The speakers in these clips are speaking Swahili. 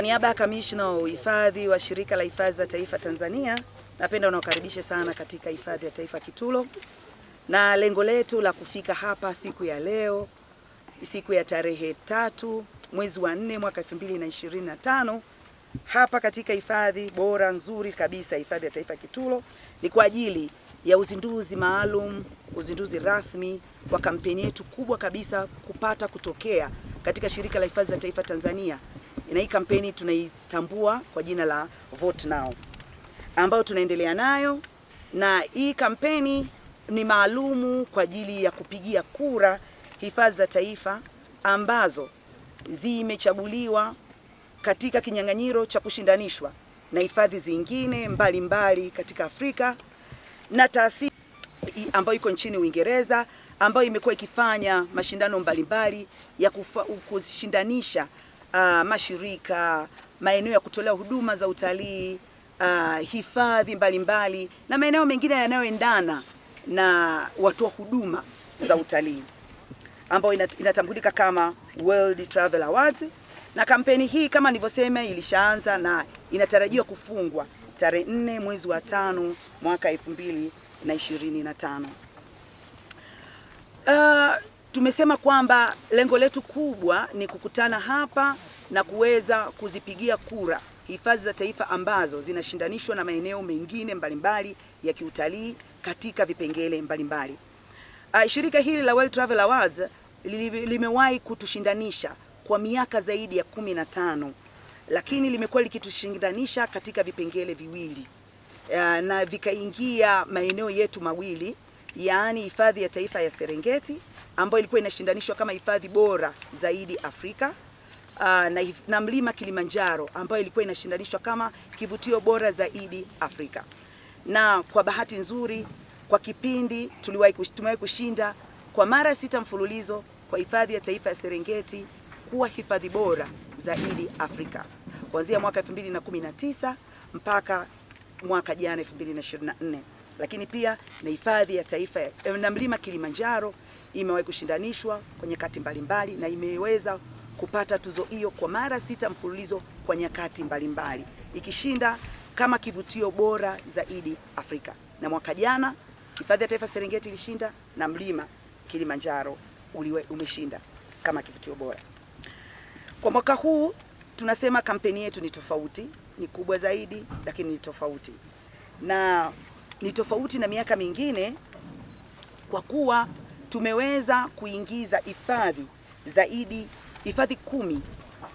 Kwa niaba ya kamishna wa uhifadhi wa Shirika la Hifadhi za Taifa Tanzania, napenda unaokaribisha sana katika hifadhi ya taifa Kitulo, na lengo letu la kufika hapa siku ya leo, siku ya tarehe tatu mwezi wa nne mwaka tano hapa katika hifadhi bora nzuri kabisa, hifadhi ya taifa Kitulo, ni kwa ajili ya uzinduzi maalum, uzinduzi rasmi wa kampeni yetu kubwa kabisa kupata kutokea katika Shirika la Hifadhi za Taifa Tanzania na hii kampeni tunaitambua kwa jina la Vote Now ambayo tunaendelea nayo, na hii kampeni ni maalumu kwa ajili ya kupigia kura hifadhi za taifa ambazo zimechaguliwa katika kinyang'anyiro cha kushindanishwa na hifadhi zingine mbalimbali mbali katika Afrika na taasisi ambayo iko nchini Uingereza ambayo imekuwa ikifanya mashindano mbalimbali mbali ya kufa, kushindanisha uh, mashirika, maeneo ya kutolea huduma za utalii uh, hifadhi mbalimbali na maeneo mengine yanayoendana na watoa huduma za utalii ambayo inatambulika kama World Travel Awards, na kampeni hii kama nilivyosema ilishaanza na inatarajiwa kufungwa tarehe nne mwezi wa tano mwaka elfu mbili na ishirini na tano. Uh, tumesema kwamba lengo letu kubwa ni kukutana hapa na kuweza kuzipigia kura hifadhi za taifa ambazo zinashindanishwa na maeneo mengine mbalimbali ya kiutalii katika vipengele mbalimbali. Uh, shirika hili la World Travel Awards limewahi kutushindanisha kwa miaka zaidi ya kumi na tano lakini limekuwa likitushindanisha katika vipengele viwili ah, na vikaingia maeneo yetu mawili yaani hifadhi ya taifa ya Serengeti ambayo ilikuwa inashindanishwa kama hifadhi bora zaidi Afrika uh, na, na mlima Kilimanjaro ambayo ilikuwa inashindanishwa kama kivutio bora zaidi Afrika. Na kwa bahati nzuri, kwa kipindi tuliwahi tumewahi kushinda kwa mara sita mfululizo kwa hifadhi ya taifa ya Serengeti kuwa hifadhi bora zaidi Afrika kuanzia mwaka 2019 mpaka mwaka jana 2024, lakini pia na hifadhi ya taifa eh, na mlima Kilimanjaro imewahi kushindanishwa kwenye kati mbalimbali mbali, na imeweza kupata tuzo hiyo kwa mara sita mfululizo kwa nyakati mbalimbali mbali, ikishinda kama kivutio bora zaidi Afrika, na mwaka jana hifadhi ya taifa Serengeti ilishinda na mlima Kilimanjaro uliwe, umeshinda kama kivutio bora. Kwa mwaka huu tunasema kampeni yetu ni tofauti, ni kubwa zaidi, lakini ni tofauti na ni tofauti na miaka mingine kwa kuwa tumeweza kuingiza hifadhi zaidi hifadhi kumi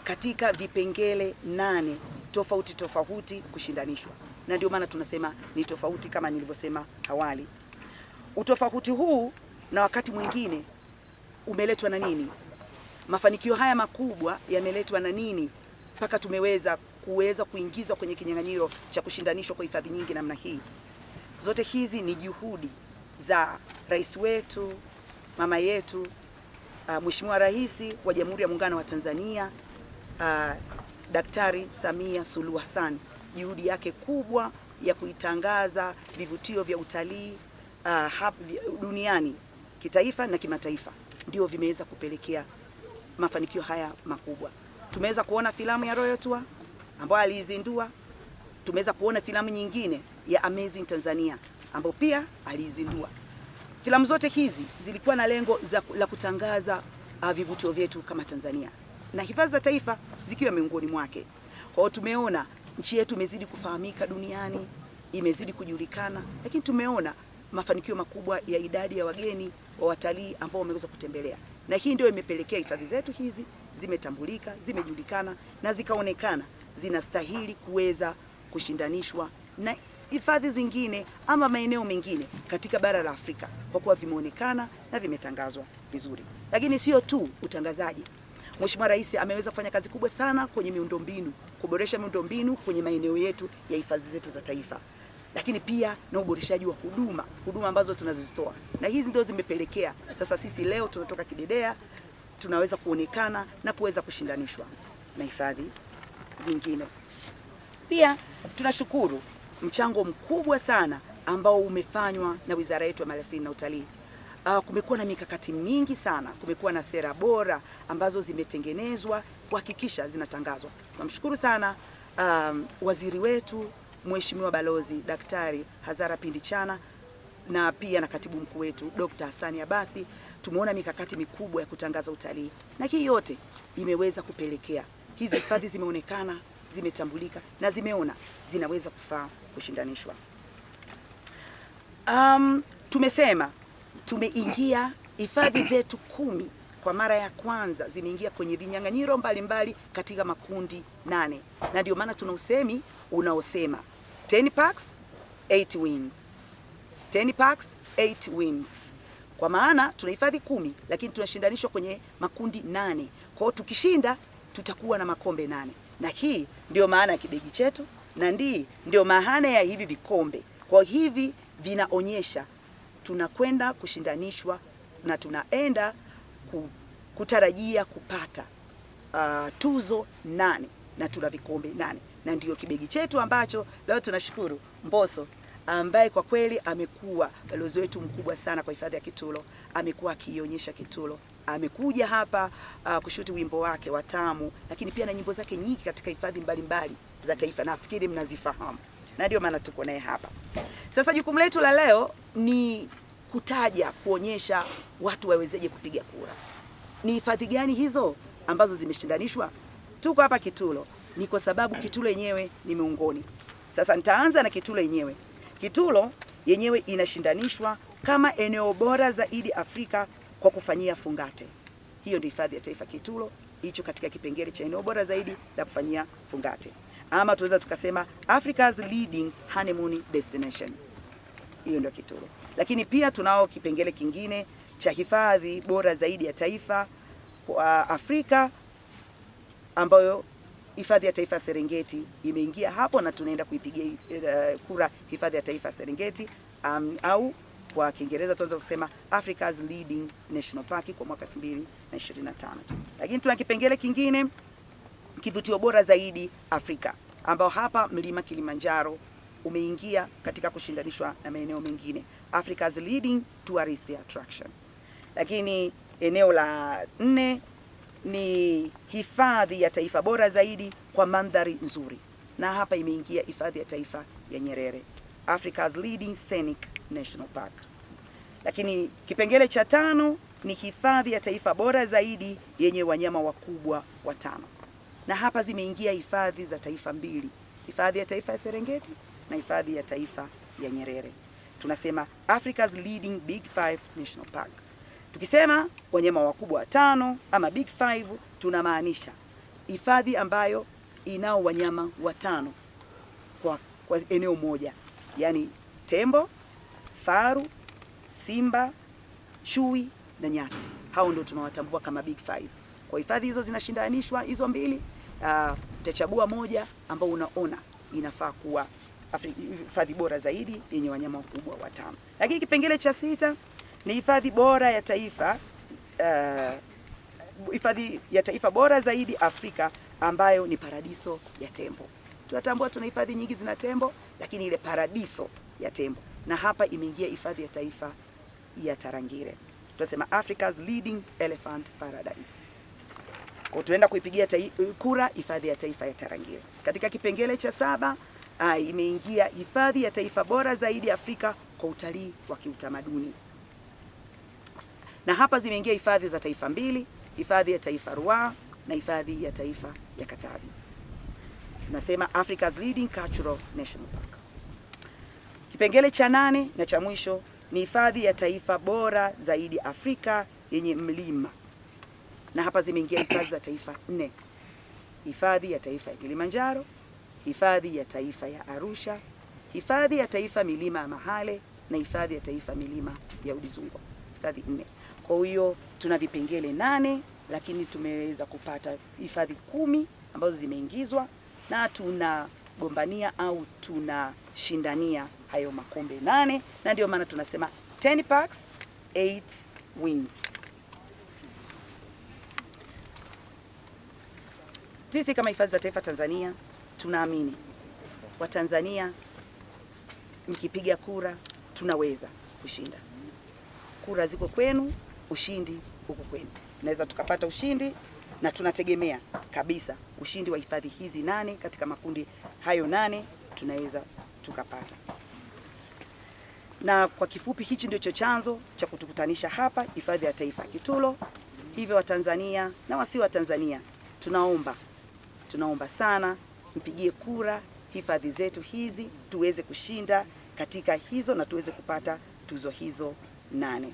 katika vipengele nane tofauti tofauti kushindanishwa, na ndio maana tunasema ni tofauti, kama nilivyosema awali. Utofauti huu na wakati mwingine umeletwa na nini? Mafanikio haya makubwa yameletwa na nini mpaka tumeweza kuweza kuingizwa kwenye kinyang'anyiro cha kushindanishwa kwa hifadhi nyingi namna hii? Zote hizi ni juhudi za rais wetu mama yetu uh, Mheshimiwa Rais wa Jamhuri ya Muungano wa Tanzania uh, Daktari Samia Suluhu Hassan, juhudi yake kubwa ya kuitangaza vivutio vya utalii uh, duniani kitaifa na kimataifa ndio vimeweza kupelekea mafanikio haya makubwa. Tumeweza kuona filamu ya Royal Tour ambayo aliizindua, tumeweza kuona filamu nyingine ya Amazing Tanzania ambayo pia aliizindua. Filamu zote hizi zilikuwa na lengo za, la kutangaza uh, vivutio vyetu kama Tanzania na hifadhi za taifa zikiwa miongoni mwake. Kwa hiyo tumeona nchi yetu imezidi kufahamika duniani, imezidi kujulikana, lakini tumeona mafanikio makubwa ya idadi ya wageni wa watalii ambao wameweza kutembelea, na hii ndio imepelekea hifadhi zetu hizi zimetambulika, zimejulikana na zikaonekana zinastahili kuweza kushindanishwa na hifadhi zingine ama maeneo mengine katika bara la Afrika kwa kuwa vimeonekana na vimetangazwa vizuri. Lakini sio tu utangazaji, Mheshimiwa Rais ameweza kufanya kazi kubwa sana kwenye miundombinu, kuboresha miundombinu kwenye maeneo yetu ya hifadhi zetu za taifa, lakini pia na uboreshaji wa huduma, huduma ambazo tunazitoa, na hizi ndio zimepelekea sasa sisi leo tunatoka kidedea, tunaweza kuonekana na kuweza kushindanishwa na hifadhi zingine. Pia tunashukuru mchango mkubwa sana ambao umefanywa na wizara yetu ya Maliasili na Utalii. Uh, kumekuwa na mikakati mingi sana, kumekuwa na sera bora ambazo zimetengenezwa kuhakikisha zinatangazwa. Tunamshukuru sana um, waziri wetu Mheshimiwa Balozi Daktari Hazara Pindi Chana na pia na katibu mkuu wetu Dr. Hassani Abasi. Tumeona mikakati mikubwa ya kutangaza utalii na hii yote imeweza kupelekea hizi hifadhi zimeonekana zimetambulika na zimeona zinaweza kufaa kushindanishwa. Um, tumesema tumeingia hifadhi zetu kumi kwa mara ya kwanza zimeingia kwenye vinyang'anyiro mbalimbali katika makundi nane, na ndio maana tuna usemi unaosema 10 packs 8 wins, 10 packs 8 wins, kwa maana tuna hifadhi kumi lakini tunashindanishwa kwenye makundi nane. Kwa hiyo tukishinda tutakuwa na makombe nane na hii ndio maana ya kibegi chetu na ndii ndio maana ya hivi vikombe. Kwa hivi vinaonyesha tunakwenda kushindanishwa na tunaenda kutarajia kupata uh, tuzo nane na tuna vikombe nane na ndiyo kibegi chetu ambacho leo tunashukuru Mbosso ambaye kwa kweli amekuwa balozi wetu mkubwa sana kwa hifadhi ya Kitulo. Amekuwa akiionyesha Kitulo amekuja hapa uh, kushuti wimbo wake wa Tamu, lakini pia na nyimbo zake nyingi katika hifadhi mbalimbali za taifa, nafikiri mnazifahamu na ndio maana tuko naye hapa sasa. Jukumu letu la leo ni kutaja, kuonyesha watu wawezeje kupiga kura. Ni hifadhi gani hizo ambazo zimeshindanishwa? Tuko hapa Kitulo, ni kwa sababu Kitulo yenyewe ni miongoni. Sasa nitaanza na Kitulo yenyewe. Kitulo yenyewe inashindanishwa kama eneo bora zaidi Afrika kwa kufanyia fungate. Hiyo ndio hifadhi ya taifa Kitulo, hicho katika kipengele cha eneo bora zaidi la kufanyia fungate, ama tunaweza tukasema Africa's leading honeymoon destination. Hiyo ndio Kitulo. Lakini pia tunao kipengele kingine cha hifadhi bora zaidi ya taifa kwa Afrika ambayo hifadhi ya taifa Serengeti imeingia hapo na tunaenda kuipigia uh, kura hifadhi ya taifa Serengeti um, au kwa Kiingereza tunaweza kusema Africa's Leading National Park kwa mwaka 2025. Lakini tuna kipengele kingine, kivutio bora zaidi Afrika, ambao hapa mlima Kilimanjaro umeingia katika kushindanishwa na maeneo mengine Africa's Leading Tourist Attraction. Lakini eneo la nne ni hifadhi ya taifa bora zaidi kwa mandhari nzuri, na hapa imeingia hifadhi ya taifa ya Nyerere Africa's Leading Scenic National Park. Lakini kipengele cha tano ni hifadhi ya taifa bora zaidi yenye wanyama wakubwa watano, na hapa zimeingia hifadhi za taifa mbili, hifadhi ya taifa ya Serengeti na hifadhi ya taifa ya Nyerere. Tunasema Africa's leading big five national park. Tukisema wanyama wakubwa watano ama big five, tunamaanisha hifadhi ambayo inao wanyama watano kwa, kwa eneo moja, yaani tembo, faru simba, chui na nyati. Hao ndio tunawatambua kama big five. Kwa hifadhi hizo zinashindanishwa hizo mbili, ah, utachagua uh, moja ambao unaona inafaa kuwa hifadhi bora zaidi yenye wanyama wakubwa watano. Lakini kipengele cha sita ni hifadhi bora ya taifa ah, hifadhi uh, ya taifa bora zaidi Afrika ambayo ni paradiso ya tembo. Tunatambua tuna hifadhi nyingi zina tembo, lakini ile paradiso ya tembo na hapa imeingia hifadhi ya taifa ya Tarangire. Tunasema Africa's leading elephant paradise. Kwa tunaenda kuipigia kura hifadhi ya taifa ya Tarangire. Katika kipengele cha saba ah, imeingia hifadhi ya taifa bora zaidi Afrika kwa utalii wa kiutamaduni, na hapa zimeingia hifadhi za taifa mbili, hifadhi ya taifa Ruaha na hifadhi ya taifa ya Katavi. Nasema Africa's leading cultural national park. Kipengele cha nane na cha mwisho ni hifadhi ya taifa bora zaidi Afrika yenye mlima, na hapa zimeingia hifadhi za taifa nne: hifadhi ya taifa ya Kilimanjaro, hifadhi ya taifa ya Arusha, hifadhi ya taifa milima ya Mahale na hifadhi ya taifa milima ya Udzungwa. Hifadhi nne. Kwa hiyo tuna vipengele nane, lakini tumeweza kupata hifadhi kumi ambazo zimeingizwa na tuna tunagombania au tunashindania hayo makombe nane, na ndio maana tunasema 10 packs, 8 wins. Sisi kama Hifadhi za Taifa Tanzania tunaamini Watanzania, mkipiga kura tunaweza kushinda. Kura ziko kwenu, ushindi huko kwenu. Naweza tukapata ushindi na tunategemea kabisa ushindi wa hifadhi hizi nane katika makundi hayo nane tunaweza tukapata. Na kwa kifupi, hichi ndicho chanzo cha kutukutanisha hapa hifadhi ya taifa ya Kitulo. Hivyo Watanzania na wasio wa Tanzania, tunaomba tunaomba sana mpigie kura hifadhi zetu hizi tuweze kushinda katika hizo na tuweze kupata tuzo hizo nane.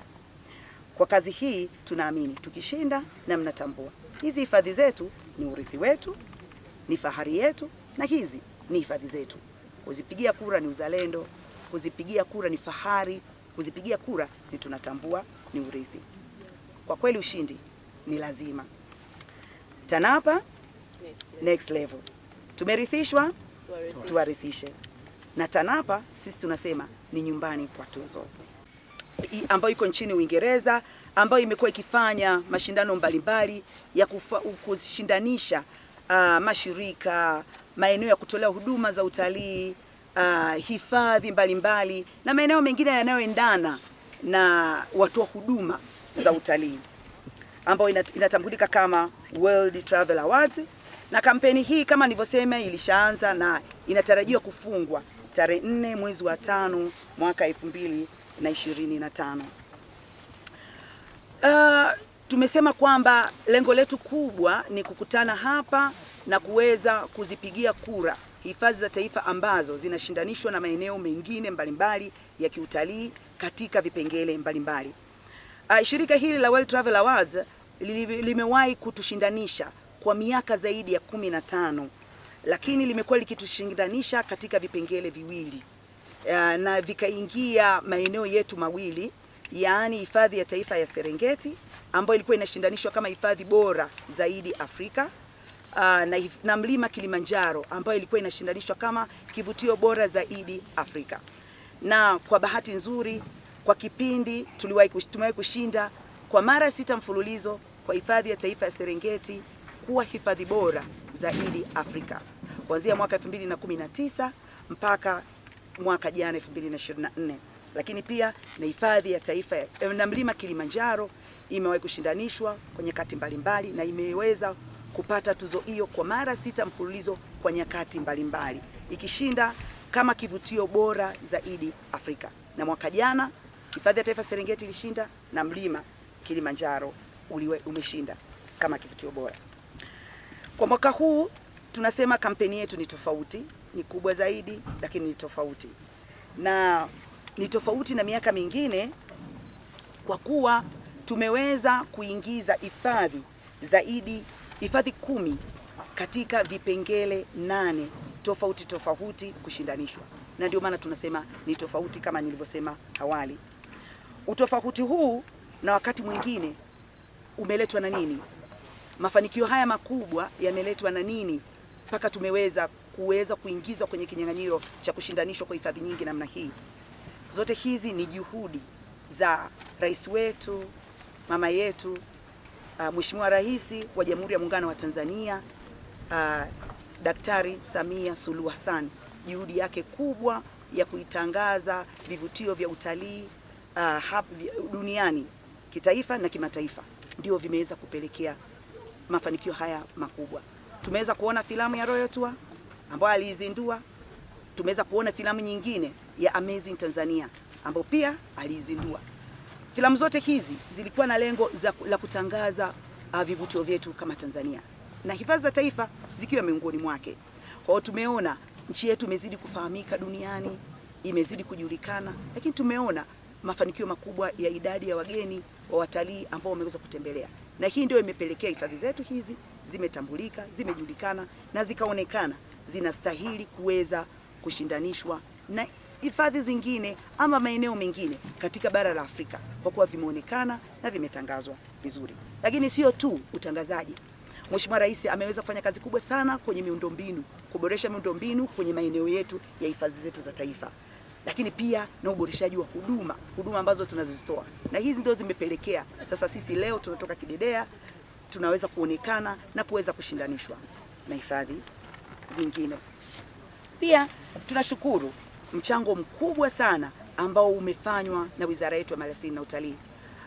Kwa kazi hii tunaamini tukishinda, na mnatambua hizi hifadhi zetu ni urithi wetu, ni fahari yetu, na hizi ni hifadhi zetu. Kuzipigia kura ni uzalendo, kuzipigia kura ni fahari, kuzipigia kura ni tunatambua, ni urithi. Kwa kweli ushindi ni lazima. TANAPA next level, tumerithishwa tuwarithishe. Na TANAPA sisi tunasema ni nyumbani kwa tuzo ambayo iko nchini Uingereza ambayo imekuwa ikifanya mashindano mbalimbali ya kufa, kushindanisha uh, mashirika, maeneo ya kutolea huduma za utalii uh, hifadhi mbalimbali na maeneo mengine yanayoendana na watoa huduma za utalii ambayo inatambulika kama World Travel Awards. Na kampeni hii kama nilivyosema, ilishaanza na inatarajiwa kufungwa tarehe nne mwezi wa tano mwaka elfu mbili na ishirini na tano. Uh, tumesema kwamba lengo letu kubwa ni kukutana hapa na kuweza kuzipigia kura hifadhi za taifa ambazo zinashindanishwa na maeneo mengine mbalimbali ya kiutalii katika vipengele mbalimbali Uh, shirika hili la World Travel Awards limewahi kutushindanisha kwa miaka zaidi ya kumi na tano, lakini limekuwa likitushindanisha katika vipengele viwili Eh, na vikaingia maeneo yetu mawili yaani hifadhi ya taifa ya Serengeti ambayo ilikuwa inashindanishwa kama hifadhi bora zaidi Afrika uh, na, na mlima Kilimanjaro ambayo ilikuwa inashindanishwa kama kivutio bora zaidi Afrika. Na kwa bahati nzuri, kwa kipindi tumewahi kushinda kwa mara sita mfululizo kwa hifadhi ya taifa ya Serengeti kuwa hifadhi bora zaidi Afrika kuanzia mwaka 2019 mpaka mwaka jana 2024. Lakini pia na hifadhi ya taifa eh, na mlima Kilimanjaro imewahi kushindanishwa kwa nyakati mbalimbali na imeweza kupata tuzo hiyo kwa mara sita mfululizo kwa nyakati mbalimbali mbali, ikishinda kama kivutio bora zaidi Afrika. Na mwaka jana hifadhi ya taifa Serengeti ilishinda na mlima Kilimanjaro uliwe, umeshinda kama kivutio bora. Kwa mwaka huu tunasema kampeni yetu ni tofauti ni kubwa zaidi, lakini ni tofauti na ni tofauti na miaka mingine kwa kuwa tumeweza kuingiza hifadhi zaidi, hifadhi kumi katika vipengele nane tofauti tofauti kushindanishwa, na ndio maana tunasema ni tofauti, kama nilivyosema awali. Utofauti huu na wakati mwingine umeletwa na nini? Mafanikio haya makubwa yameletwa na nini mpaka tumeweza kuweza kuingizwa kwenye kinyang'anyiro cha kushindanishwa kwa hifadhi nyingi namna hii. Zote hizi ni juhudi za rais wetu, mama yetu, uh, Mheshimiwa Rais wa Jamhuri ya Muungano wa Tanzania uh, Daktari Samia Suluhu Hassan, juhudi yake kubwa ya kuitangaza vivutio vya utalii uh, hap, duniani kitaifa na kimataifa ndio vimeweza kupelekea mafanikio haya makubwa. Tumeweza kuona filamu ya Royal Tour ambayo aliizindua. Tumeweza kuona filamu nyingine ya Amazing Tanzania ambayo pia aliizindua. Filamu zote hizi zilikuwa na lengo za, la kutangaza uh, vivutio vyetu kama Tanzania na hifadhi za taifa zikiwa miongoni mwake. Kwa hiyo tumeona nchi yetu imezidi kufahamika duniani, imezidi kujulikana, lakini tumeona mafanikio makubwa ya idadi ya wageni wa watalii ambao wameweza kutembelea, na hii ndio imepelekea hifadhi zetu hizi zimetambulika, zimejulikana na zikaonekana zinastahili kuweza kushindanishwa na hifadhi zingine ama maeneo mengine katika bara la Afrika kwa kuwa vimeonekana na vimetangazwa vizuri. Lakini sio tu utangazaji, Mheshimiwa Rais ameweza kufanya kazi kubwa sana kwenye miundombinu, kuboresha miundombinu kwenye maeneo yetu ya hifadhi zetu za taifa, lakini pia na uboreshaji wa huduma, huduma ambazo tunazozitoa, na hizi ndio zimepelekea sasa sisi leo tunatoka kidedea tunaweza kuonekana na kuweza kushindanishwa na hifadhi zingine. Pia tunashukuru mchango mkubwa sana ambao umefanywa na wizara yetu ya Maliasili na Utalii.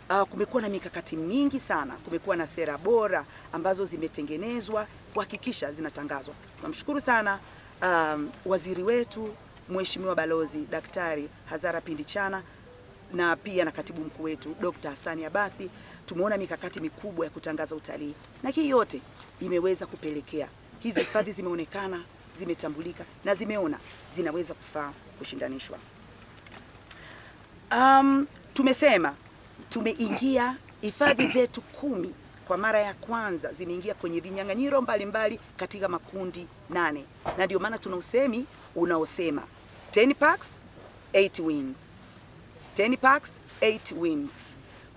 Uh, kumekuwa na mikakati mingi sana, kumekuwa na sera bora ambazo zimetengenezwa kuhakikisha zinatangazwa. Tunamshukuru sana um, waziri wetu Mheshimiwa Balozi Daktari Hazara Pindichana na pia na katibu mkuu wetu Dr. Hassani Abasi. Tumeona mikakati mikubwa ya kutangaza utalii na hii yote imeweza kupelekea hizi hifadhi zimeonekana, zimetambulika na zimeona zinaweza kufaa kushindanishwa. Um, tumesema tumeingia hifadhi zetu kumi kwa mara ya kwanza zimeingia kwenye vinyang'anyiro mbalimbali katika makundi nane, na ndio maana tuna usemi unaosema 10 packs 8 wins, 10 packs 8 wins,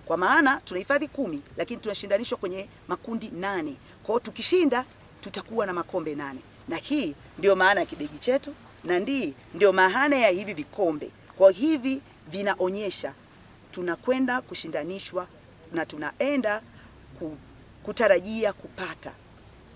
kwa maana tuna hifadhi kumi lakini tunashindanishwa kwenye makundi nane. Kwa tukishinda tutakuwa na makombe nane, na hii ndio maana ya kibegi chetu na ndii ndio maana ya hivi vikombe. Kwa hivi vinaonyesha tunakwenda kushindanishwa na tunaenda kutarajia kupata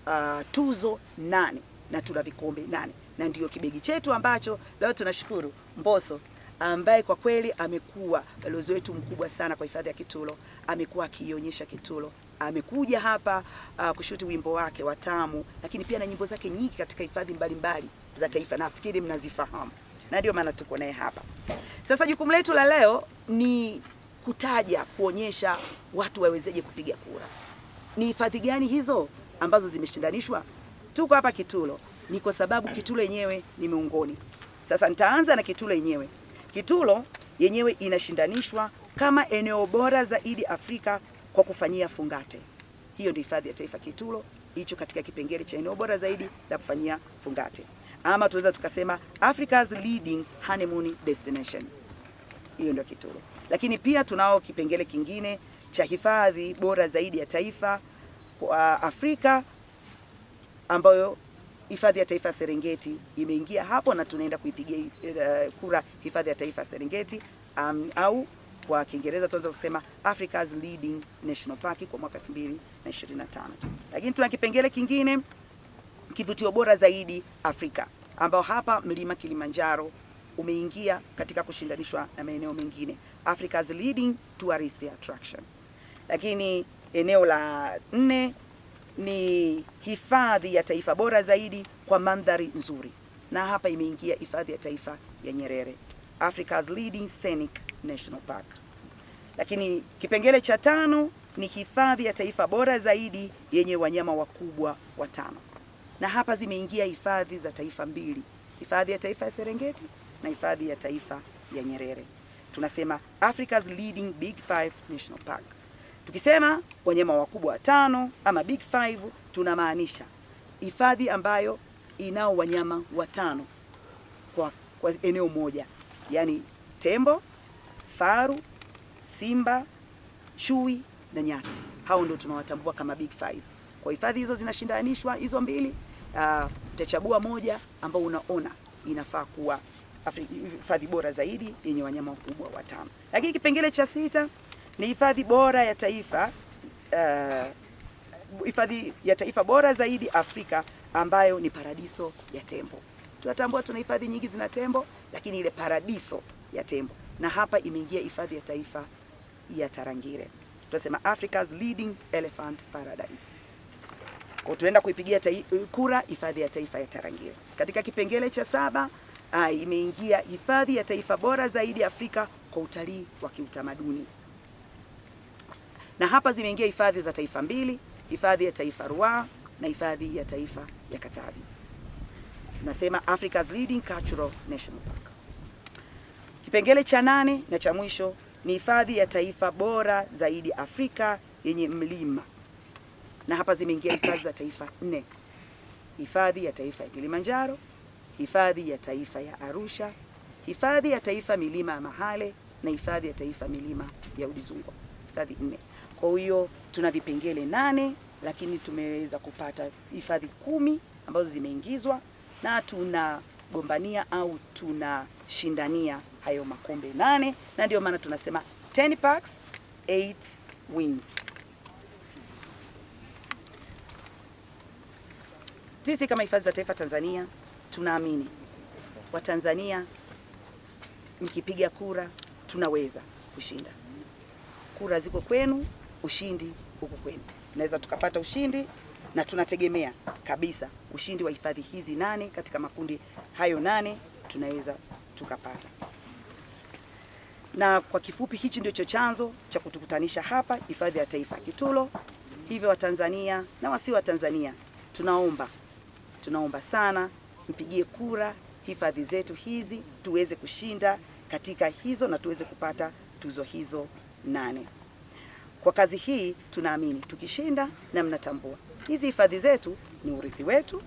uh, tuzo nane na tuna vikombe nane, na ndiyo kibegi chetu ambacho leo tunashukuru Mbosso ambaye kwa kweli amekuwa balozi wetu mkubwa sana kwa hifadhi ya Kitulo. Amekuwa akiionyesha Kitulo amekuja hapa uh, kushuti wimbo wake wa Tamu, lakini pia na nyimbo zake nyingi katika hifadhi mbalimbali za taifa, nafikiri mnazifahamu, na ndio maana tuko naye hapa sasa. Jukumu letu la leo ni kutaja, kuonyesha watu wawezeje kupiga kura, ni hifadhi gani hizo ambazo zimeshindanishwa. Tuko hapa Kitulo ni kwa sababu Kitulo yenyewe ni miongoni. Sasa nitaanza na Kitulo yenyewe. Kitulo yenyewe inashindanishwa kama eneo bora zaidi Afrika kwa kufanyia fungate. Hiyo ndio hifadhi ya taifa Kitulo, hicho katika kipengele cha eneo bora zaidi la kufanyia fungate, ama tunaweza tukasema Africa's leading honeymoon destination. Hiyo ndio Kitulo, lakini pia tunao kipengele kingine cha hifadhi bora zaidi ya taifa kwa Afrika ambayo hifadhi ya taifa ya Serengeti imeingia hapo na tunaenda kuipigia uh, kura hifadhi ya taifa ya Serengeti um, au kwa Kiingereza tunaweza kusema Africa's Leading National Park kwa mwaka 2025. Lakini tuna kipengele kingine, kivutio bora zaidi Afrika, ambao hapa mlima Kilimanjaro umeingia katika kushindanishwa na maeneo mengine Africa's Leading Tourist Attraction. Lakini eneo la nne ni hifadhi ya taifa bora zaidi kwa mandhari nzuri, na hapa imeingia hifadhi ya taifa ya Nyerere Africa's Leading Scenic National Park. Lakini kipengele cha tano ni hifadhi ya taifa bora zaidi yenye wanyama wakubwa watano, na hapa zimeingia hifadhi za taifa mbili, hifadhi ya taifa ya Serengeti na hifadhi ya taifa ya Nyerere. Tunasema Africa's leading Big Five National Park. Tukisema wanyama wakubwa watano ama Big Five, tunamaanisha hifadhi ambayo inao wanyama watano kwa, kwa eneo moja, yaani tembo faru, simba, chui na nyati. Hao ndio tunawatambua kama big five. Kwa hifadhi hizo zinashindanishwa hizo mbili, uh, utachagua uh, moja ambao unaona inafaa kuwa hifadhi bora zaidi yenye wanyama wakubwa watano. Lakini kipengele cha sita ni hifadhi bora ya taifa uh, hifadhi uh, ya taifa bora zaidi Afrika ambayo ni paradiso ya tembo. Tunatambua tuna hifadhi nyingi zina tembo, lakini ile paradiso ya tembo na hapa imeingia hifadhi ya taifa ya Tarangire. Tunasema Africa's leading elephant paradise. Kwa tunaenda kuipigia kura hifadhi ya taifa ya Tarangire. Katika kipengele cha saba ah, imeingia hifadhi ya taifa bora zaidi Afrika kwa utalii wa kiutamaduni, na hapa zimeingia hifadhi za taifa mbili, hifadhi ya taifa Ruaha na hifadhi ya taifa ya Katavi. Nasema Africa's leading cultural national park. Kipengele cha nane na cha mwisho ni hifadhi ya taifa bora zaidi Afrika yenye mlima, na hapa zimeingia hifadhi za taifa nne: hifadhi ya taifa ya Kilimanjaro, hifadhi ya taifa ya Arusha, hifadhi ya taifa milima ya Mahale na hifadhi ya taifa milima ya Udzungwa. Hifadhi nne. Kwa hiyo tuna vipengele nane, lakini tumeweza kupata hifadhi kumi ambazo zimeingizwa na tunagombania au tunashindania hayo makombe nane, na ndio maana tunasema 10 packs 8 wins. Sisi kama hifadhi za taifa Tanzania tunaamini Watanzania, mkipiga kura tunaweza kushinda. Kura ziko kwenu, ushindi huko kwenu. Naweza tukapata ushindi na tunategemea kabisa ushindi wa hifadhi hizi nane katika makundi hayo nane tunaweza tukapata na kwa kifupi, hichi ndicho chanzo cha kutukutanisha hapa hifadhi ya taifa Kitulo. Hivyo Watanzania na wasi wa Tanzania, tunaomba tunaomba sana mpigie kura hifadhi zetu hizi tuweze kushinda katika hizo na tuweze kupata tuzo hizo nane. Kwa kazi hii tunaamini tukishinda, na mnatambua hizi hifadhi zetu ni urithi wetu,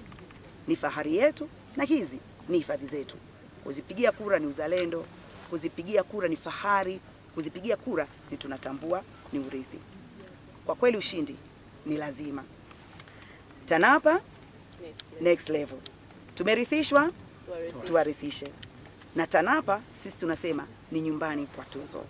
ni fahari yetu, na hizi ni hifadhi zetu. Kuzipigia kura ni uzalendo kuzipigia kura ni fahari, kuzipigia kura ni tunatambua ni urithi. Kwa kweli ushindi ni lazima. TANAPA next level, level. Tumerithishwa tuwarithishe, na TANAPA sisi tunasema ni nyumbani kwa Tuzo.